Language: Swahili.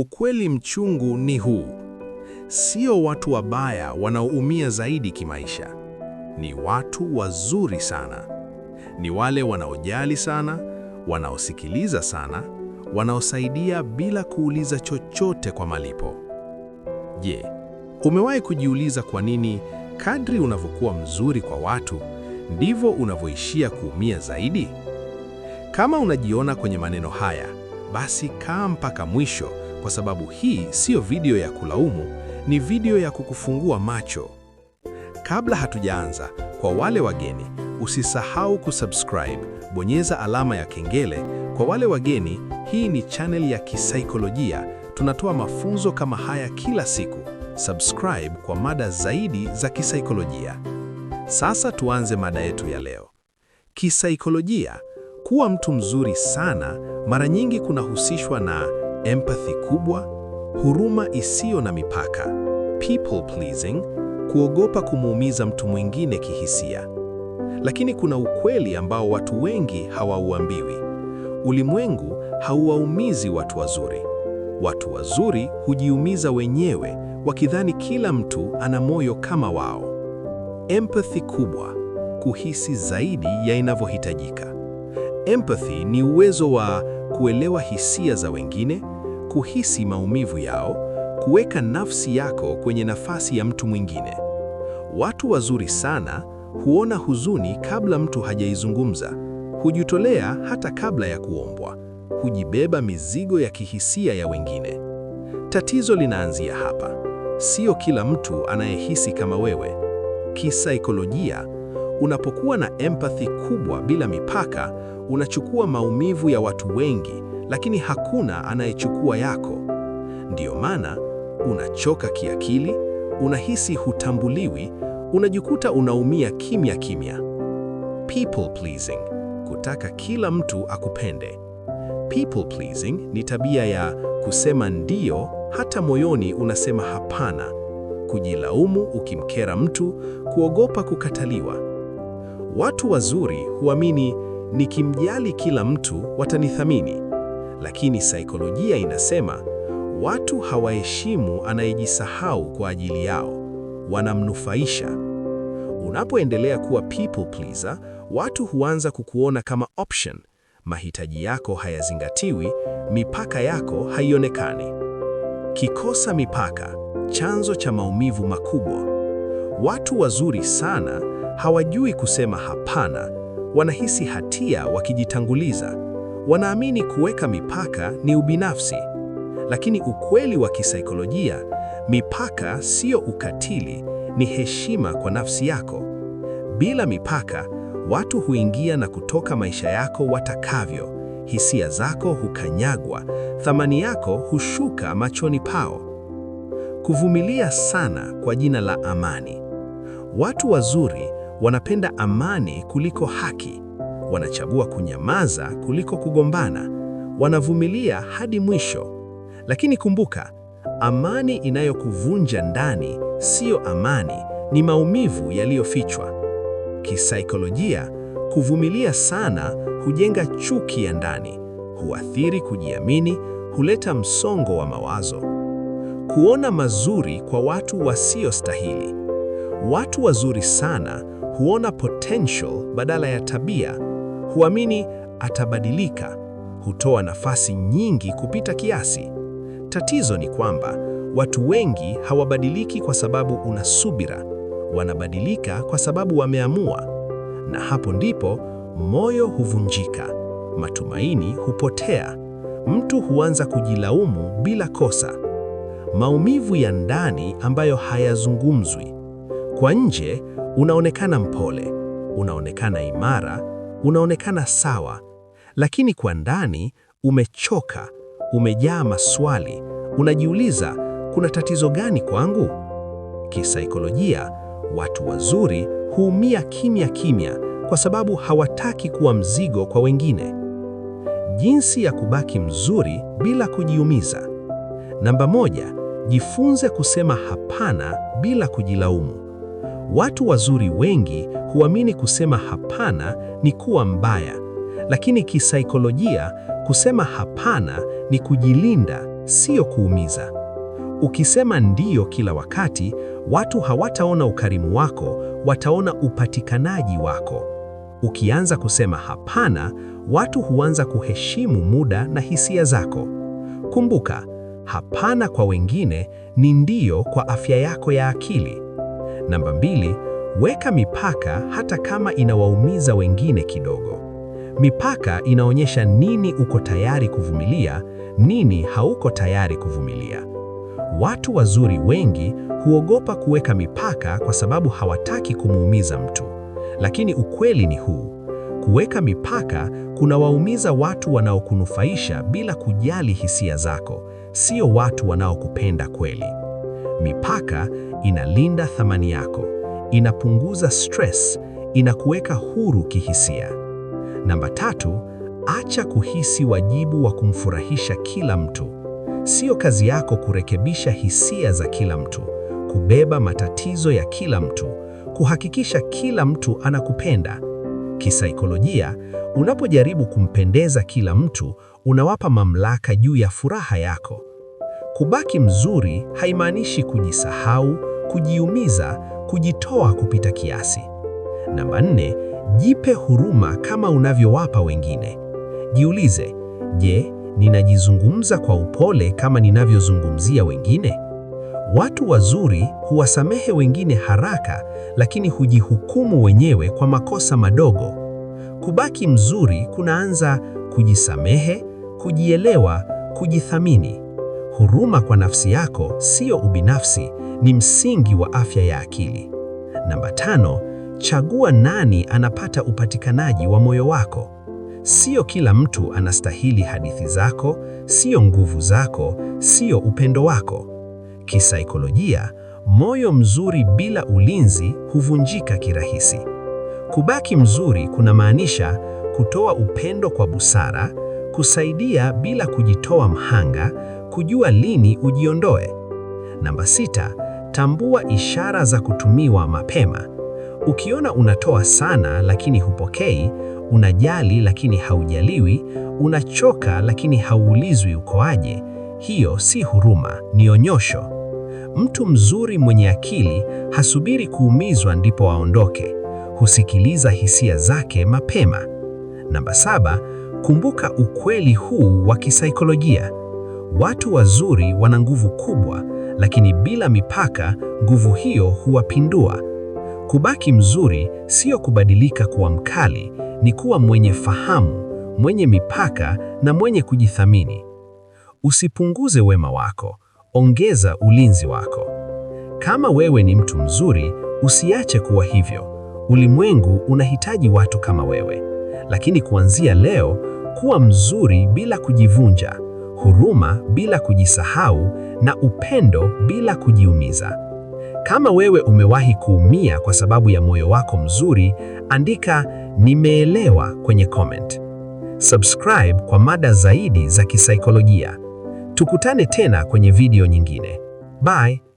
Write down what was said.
Ukweli mchungu ni huu: sio watu wabaya wanaoumia zaidi kimaisha, ni watu wazuri sana. Ni wale wanaojali sana, wanaosikiliza sana, wanaosaidia bila kuuliza chochote kwa malipo. Je, umewahi kujiuliza kwa nini kadri unavyokuwa mzuri kwa watu ndivyo unavyoishia kuumia zaidi? Kama unajiona kwenye maneno haya, basi kaa mpaka mwisho kwa sababu hii siyo video ya kulaumu, ni video ya kukufungua macho. Kabla hatujaanza, kwa wale wageni, usisahau kusubscribe, bonyeza alama ya kengele. Kwa wale wageni, hii ni channel ya kisaikolojia. Tunatoa mafunzo kama haya kila siku. Subscribe kwa mada zaidi za kisaikolojia. Sasa tuanze mada yetu ya leo. Kisaikolojia, kuwa mtu mzuri sana mara nyingi kunahusishwa na empathy kubwa, huruma isiyo na mipaka, people pleasing, kuogopa kumuumiza mtu mwingine kihisia. Lakini kuna ukweli ambao watu wengi hawauambiwi. Ulimwengu hauwaumizi watu wazuri. Watu wazuri hujiumiza wenyewe wakidhani kila mtu ana moyo kama wao. Empathy kubwa, kuhisi zaidi ya inavyohitajika. Empathy ni uwezo wa kuelewa hisia za wengine, kuhisi maumivu yao, kuweka nafsi yako kwenye nafasi ya mtu mwingine. Watu wazuri sana huona huzuni kabla mtu hajaizungumza, hujitolea hata kabla ya kuombwa, hujibeba mizigo ya kihisia ya wengine. Tatizo linaanzia hapa. Sio kila mtu anayehisi kama wewe. Kisaikolojia, unapokuwa na empathy kubwa bila mipaka, unachukua maumivu ya watu wengi lakini hakuna anayechukua yako. Ndiyo maana unachoka kiakili, unahisi hutambuliwi, unajikuta unaumia kimya kimya. People pleasing, kutaka kila mtu akupende. People pleasing ni tabia ya kusema ndiyo hata moyoni unasema hapana, kujilaumu ukimkera mtu, kuogopa kukataliwa. Watu wazuri huamini nikimjali kila mtu watanithamini lakini saikolojia inasema watu hawaheshimu anayejisahau kwa ajili yao, wanamnufaisha. Unapoendelea kuwa people pleaser, watu huanza kukuona kama option. Mahitaji yako hayazingatiwi, mipaka yako haionekani. Kikosa mipaka, chanzo cha maumivu makubwa. Watu wazuri sana hawajui kusema hapana, wanahisi hatia wakijitanguliza. Wanaamini kuweka mipaka ni ubinafsi, lakini ukweli wa kisaikolojia, mipaka sio ukatili, ni heshima kwa nafsi yako. Bila mipaka, watu huingia na kutoka maisha yako watakavyo, hisia zako hukanyagwa, thamani yako hushuka machoni pao. Kuvumilia sana kwa jina la amani. Watu wazuri wanapenda amani kuliko haki wanachagua kunyamaza kuliko kugombana, wanavumilia hadi mwisho. Lakini kumbuka, amani inayokuvunja ndani siyo amani, ni maumivu yaliyofichwa. Kisaikolojia, kuvumilia sana hujenga chuki ya ndani, huathiri kujiamini, huleta msongo wa mawazo. Kuona mazuri kwa watu wasiostahili. Watu wazuri sana huona potential badala ya tabia. Huamini atabadilika, hutoa nafasi nyingi kupita kiasi. Tatizo ni kwamba watu wengi hawabadiliki kwa sababu una subira, wanabadilika kwa sababu wameamua. Na hapo ndipo moyo huvunjika, matumaini hupotea, mtu huanza kujilaumu bila kosa. Maumivu ya ndani ambayo hayazungumzwi. Kwa nje unaonekana mpole, unaonekana imara, unaonekana sawa, lakini kwa ndani umechoka, umejaa maswali. Unajiuliza, kuna tatizo gani kwangu? Kisaikolojia, watu wazuri huumia kimya kimya kwa sababu hawataki kuwa mzigo kwa wengine. Jinsi ya kubaki mzuri bila kujiumiza. Namba moja, jifunze kusema hapana bila kujilaumu. Watu wazuri wengi huamini kusema hapana ni kuwa mbaya, lakini kisaikolojia kusema hapana ni kujilinda, sio kuumiza. Ukisema ndiyo kila wakati, watu hawataona ukarimu wako, wataona upatikanaji wako. Ukianza kusema hapana, watu huanza kuheshimu muda na hisia zako. Kumbuka, hapana kwa wengine ni ndiyo kwa afya yako ya akili. Namba mbili, weka mipaka hata kama inawaumiza wengine kidogo. Mipaka inaonyesha nini uko tayari kuvumilia, nini hauko tayari kuvumilia. Watu wazuri wengi huogopa kuweka mipaka kwa sababu hawataki kumuumiza mtu. Lakini ukweli ni huu. Kuweka mipaka kunawaumiza watu wanaokunufaisha bila kujali hisia zako, sio watu wanaokupenda kweli. Mipaka inalinda thamani yako, inapunguza stress, inakuweka huru kihisia. Namba tatu, acha kuhisi wajibu wa kumfurahisha kila mtu. Sio kazi yako kurekebisha hisia za kila mtu, kubeba matatizo ya kila mtu, kuhakikisha kila mtu anakupenda. Kisaikolojia, unapojaribu kumpendeza kila mtu, unawapa mamlaka juu ya furaha yako. Kubaki mzuri haimaanishi kujisahau, kujiumiza, kujitoa kupita kiasi. Namba nne, jipe huruma kama unavyowapa wengine. Jiulize, je, ninajizungumza kwa upole kama ninavyozungumzia wengine? Watu wazuri huwasamehe wengine haraka, lakini hujihukumu wenyewe kwa makosa madogo. Kubaki mzuri kunaanza kujisamehe, kujielewa, kujithamini. Huruma kwa nafsi yako sio ubinafsi, ni msingi wa afya ya akili. Namba tano, chagua nani anapata upatikanaji wa moyo wako. Sio kila mtu anastahili hadithi zako, sio nguvu zako, sio upendo wako. Kisaikolojia, moyo mzuri bila ulinzi huvunjika kirahisi. Kubaki mzuri kunamaanisha kutoa upendo kwa busara, kusaidia bila kujitoa mhanga, kujua lini ujiondoe. Namba sita, tambua ishara za kutumiwa mapema. Ukiona unatoa sana lakini hupokei, unajali lakini haujaliwi, unachoka lakini hauulizwi ukoaje, hiyo si huruma, ni onyosho. Mtu mzuri mwenye akili hasubiri kuumizwa ndipo aondoke, husikiliza hisia zake mapema. Namba saba, kumbuka ukweli huu wa kisaikolojia. Watu wazuri wana nguvu kubwa, lakini bila mipaka, nguvu hiyo huwapindua. Kubaki mzuri sio kubadilika kuwa mkali, ni kuwa mwenye fahamu, mwenye mipaka na mwenye kujithamini. Usipunguze wema wako, ongeza ulinzi wako. Kama wewe ni mtu mzuri, usiache kuwa hivyo. Ulimwengu unahitaji watu kama wewe. Lakini kuanzia leo, kuwa mzuri bila kujivunja huruma bila kujisahau na upendo bila kujiumiza. Kama wewe umewahi kuumia kwa sababu ya moyo wako mzuri, andika nimeelewa kwenye comment. Subscribe kwa mada zaidi za kisaikolojia. Tukutane tena kwenye video nyingine. Bye.